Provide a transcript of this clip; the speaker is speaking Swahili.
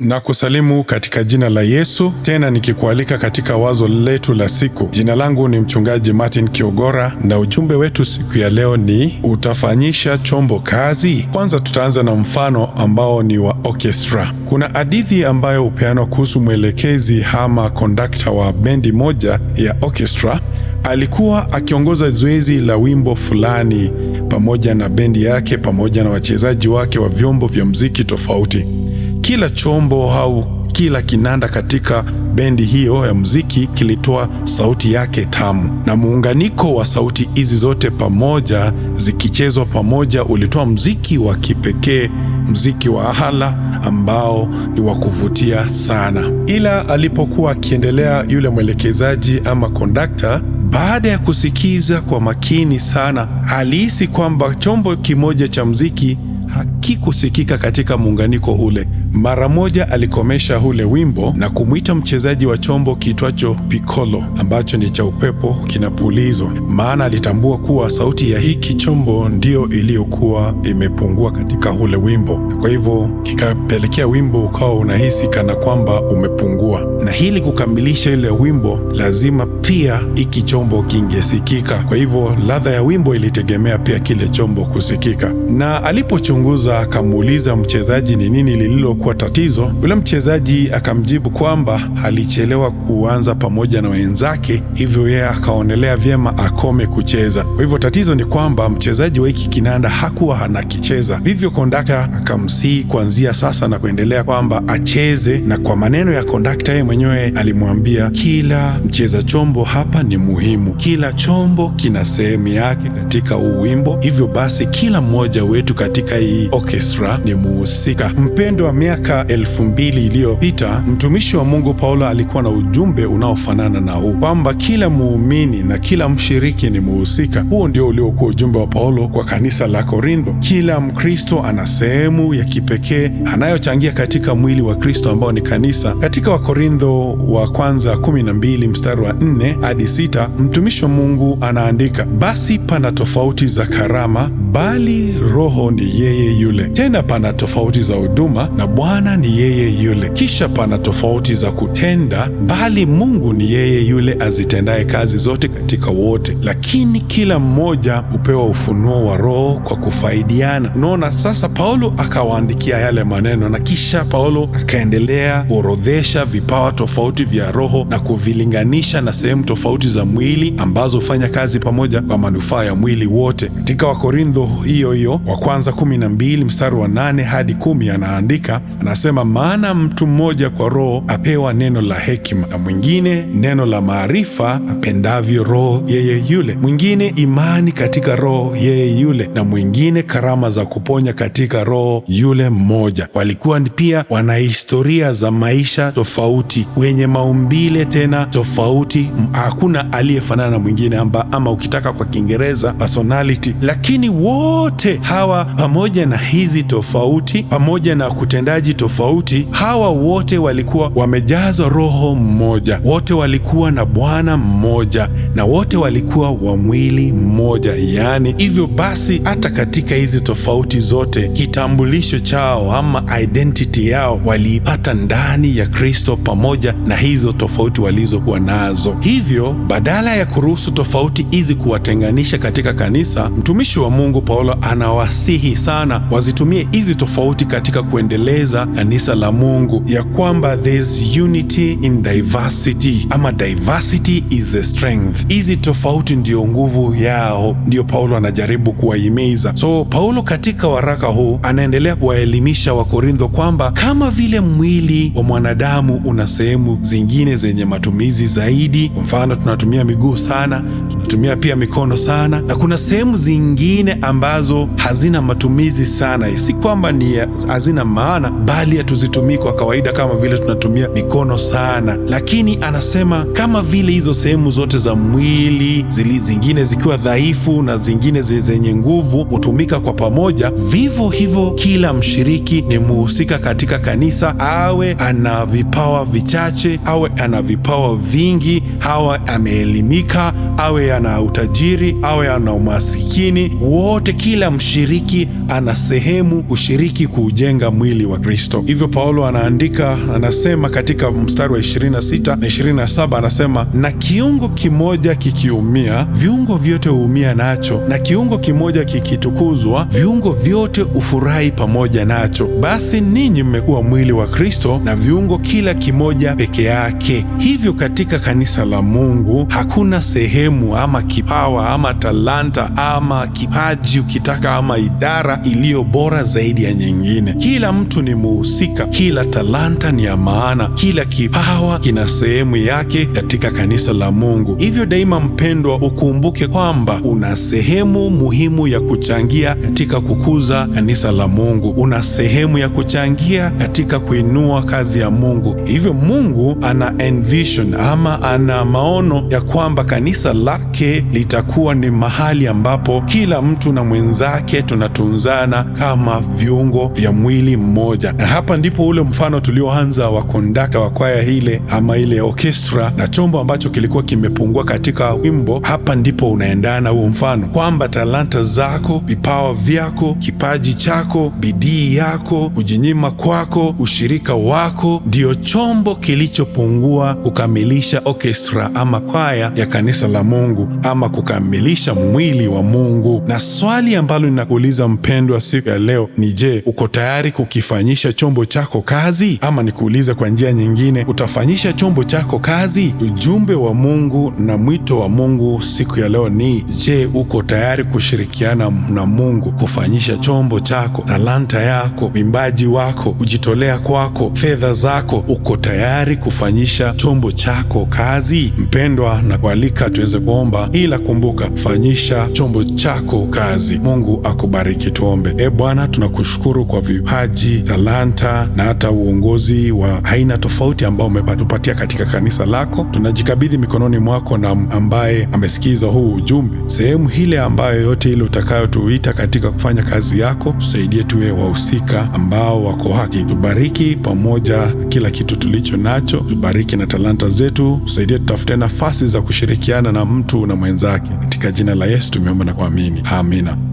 Na kusalimu katika jina la Yesu, tena nikikualika katika wazo letu la siku. Jina langu ni Mchungaji Martin Kiogora, na ujumbe wetu siku ya leo ni utafanyisha chombo kazi. Kwanza tutaanza na mfano ambao ni wa orchestra. Kuna hadithi ambayo hupeanwa kuhusu mwelekezi ama kondakta wa bendi moja ya orchestra. Alikuwa akiongoza zoezi la wimbo fulani pamoja na bendi yake pamoja na wachezaji wake wa vyombo vya mziki tofauti. Kila chombo au kila kinanda katika bendi hiyo ya muziki kilitoa sauti yake tamu, na muunganiko wa sauti hizi zote pamoja zikichezwa pamoja ulitoa muziki wa kipekee, muziki wa ahala ambao ni wa kuvutia sana. Ila alipokuwa akiendelea yule mwelekezaji ama kondakta baada ya kusikiza kwa makini sana, alihisi kwamba chombo kimoja cha muziki hakikusikika katika muunganiko ule. Mara moja alikomesha ule wimbo na kumwita mchezaji wa chombo kiitwacho pikolo, ambacho ni cha upepo kinapulizwa, maana alitambua kuwa sauti ya hiki chombo ndiyo iliyokuwa imepungua katika ule wimbo. Kwa hivyo kikapelekea wimbo ukawa unahisi kana kwamba umepungua, na ili kukamilisha ile wimbo lazima pia iki chombo kingesikika. Kwa hivyo ladha ya wimbo ilitegemea pia kile chombo kusikika, na alipochunguza akamuuliza mchezaji ni nini lililokuwa tatizo, yule mchezaji akamjibu kwamba alichelewa kuanza pamoja na wenzake, hivyo yeye akaonelea vyema akome kucheza. Kwa hivyo tatizo ni kwamba mchezaji wa hiki kinanda hakuwa anakicheza, hivyo kondakta akam kumsihi kuanzia sasa na kuendelea kwamba acheze, na kwa maneno ya kondakta yeye mwenyewe alimwambia kila mcheza chombo hapa ni muhimu, kila chombo kina sehemu yake katika huu wimbo. Hivyo basi kila mmoja wetu katika hii orchestra ni muhusika. Mpendo wa miaka elfu mbili iliyopita mtumishi wa Mungu Paulo alikuwa na ujumbe unaofanana na huu kwamba kila muumini na kila mshiriki ni muhusika. Huo ndio uliokuwa ujumbe wa Paulo kwa kanisa la Korintho. Kila Mkristo ana sehemu ya kipekee anayochangia katika mwili wa Kristo ambao ni kanisa. Katika Wakorintho wa kwanza 12 mstari wa 4 hadi 6, mtumishi wa Mungu anaandika, basi pana tofauti za karama bali Roho ni yeye yule. Tena pana tofauti za huduma, na Bwana ni yeye yule. Kisha pana tofauti za kutenda, bali Mungu ni yeye yule azitendaye kazi zote katika wote, lakini kila mmoja hupewa ufunuo wa Roho kwa kufaidiana. Unaona, sasa Paulo akawaandikia yale maneno, na kisha Paulo akaendelea kuorodhesha vipawa tofauti vya Roho na kuvilinganisha na sehemu tofauti za mwili ambazo hufanya kazi pamoja kwa manufaa ya mwili wote. Katika Wakorintho Mithali hiyo hiyo wa kwanza 12 mstari wa 8 hadi 10, anaandika anasema, maana mtu mmoja kwa roho apewa neno la hekima, na mwingine neno la maarifa apendavyo roho yeye yule, mwingine imani katika roho yeye yule, na mwingine karama za kuponya katika roho yule mmoja. Walikuwa pia wana historia za maisha tofauti, wenye maumbile tena tofauti, hakuna aliyefanana na mwingine amba, ama ukitaka kwa Kiingereza personality, lakini wote hawa pamoja na hizi tofauti, pamoja na kutendaji tofauti, hawa wote walikuwa wamejazwa roho mmoja, wote walikuwa na Bwana mmoja, na wote walikuwa wa mwili mmoja. Yaani hivyo basi, hata katika hizi tofauti zote, kitambulisho chao ama identity yao waliipata ndani ya Kristo, pamoja na hizo tofauti walizokuwa nazo. Hivyo badala ya kuruhusu tofauti hizi kuwatenganisha katika kanisa, mtumishi wa Mungu Mungu Paulo anawasihi sana wazitumie hizi tofauti katika kuendeleza kanisa la Mungu, ya kwamba there's unity in diversity ama diversity is the strength. Hizi tofauti ndiyo nguvu yao, ndiyo Paulo anajaribu kuwahimiza. So Paulo katika waraka huu anaendelea kuwaelimisha Wakorintho kwamba kama vile mwili wa mwanadamu una sehemu zingine zenye matumizi zaidi, kwa mfano tunatumia miguu sana, tunatumia pia mikono sana, na kuna sehemu zingine ambazo hazina matumizi sana, si kwamba ni hazina maana, bali hatuzitumii kwa kawaida kama vile tunatumia mikono sana. Lakini anasema kama vile hizo sehemu zote za mwili zili, zingine zikiwa dhaifu na zingine zenye nguvu hutumika kwa pamoja, vivyo hivyo kila mshiriki ni muhusika katika kanisa, awe ana vipawa vichache, awe ana vipawa vingi, awe ameelimika awe ana utajiri, awe ana umasikini, wote, kila mshiriki ana sehemu kushiriki kuujenga mwili wa Kristo. Hivyo Paulo anaandika, anasema katika mstari wa 26 na 27, anasema na kiungo kimoja kikiumia, viungo vyote huumia nacho, na kiungo kimoja kikitukuzwa, viungo vyote hufurahi pamoja nacho. Basi ninyi mmekuwa mwili wa Kristo na viungo kila kimoja peke yake. Hivyo katika kanisa la Mungu hakuna sehemu ama kipawa ama talanta ama kipaji ukitaka ama idara iliyo bora zaidi ya nyingine. Kila mtu ni muhusika, kila talanta ni ya maana, kila kipawa kina sehemu yake katika kanisa la Mungu. Hivyo daima, mpendwa, ukumbuke kwamba una sehemu muhimu ya kuchangia katika kukuza kanisa la Mungu, una sehemu ya kuchangia katika kuinua kazi ya Mungu. Hivyo Mungu ana envision ama ana maono ya kwamba kanisa lake litakuwa ni mahali ambapo kila mtu na mwenzake tunatunza kukimbizana kama viungo vya mwili mmoja, na hapa ndipo ule mfano tulioanza wa kondakta wa kwaya ile ama ile orkestra na chombo ambacho kilikuwa kimepungua katika wimbo. Hapa ndipo unaendana huo mfano kwamba talanta zako, vipawa vyako, kipaji chako, bidii yako, kujinyima kwako, ushirika wako ndiyo chombo kilichopungua kukamilisha orkestra ama kwaya ya kanisa la Mungu ama kukamilisha mwili wa Mungu. Na swali ambalo ninakuuliza mpenzi mpendwa, siku ya leo ni je, uko tayari kukifanyisha chombo chako kazi? Ama nikuulize kwa njia nyingine, utafanyisha chombo chako kazi? Ujumbe wa Mungu na mwito wa Mungu siku ya leo ni je, uko tayari kushirikiana na Mungu kufanyisha chombo chako, talanta yako, uimbaji wako, kujitolea kwako, fedha zako? Uko tayari kufanyisha chombo chako kazi? Mpendwa, na kualika tuweze kuomba, ila kumbuka, fanyisha chombo chako kazi. Mungu akubariki tu tuombe. E Bwana, tunakushukuru kwa vipaji, talanta na hata uongozi wa aina tofauti ambao umetupatia katika kanisa lako. Tunajikabidhi mikononi mwako na ambaye amesikiza huu ujumbe, sehemu ile ambayo yote ile utakayotuita katika kufanya kazi yako, tusaidie tuwe wahusika ambao wako haki. Tubariki pamoja kila kitu tulicho nacho, tubariki na talanta zetu, tusaidie tutafute nafasi za kushirikiana na mtu na mwenzake. Katika jina la Yesu tumeomba na kuamini, amina.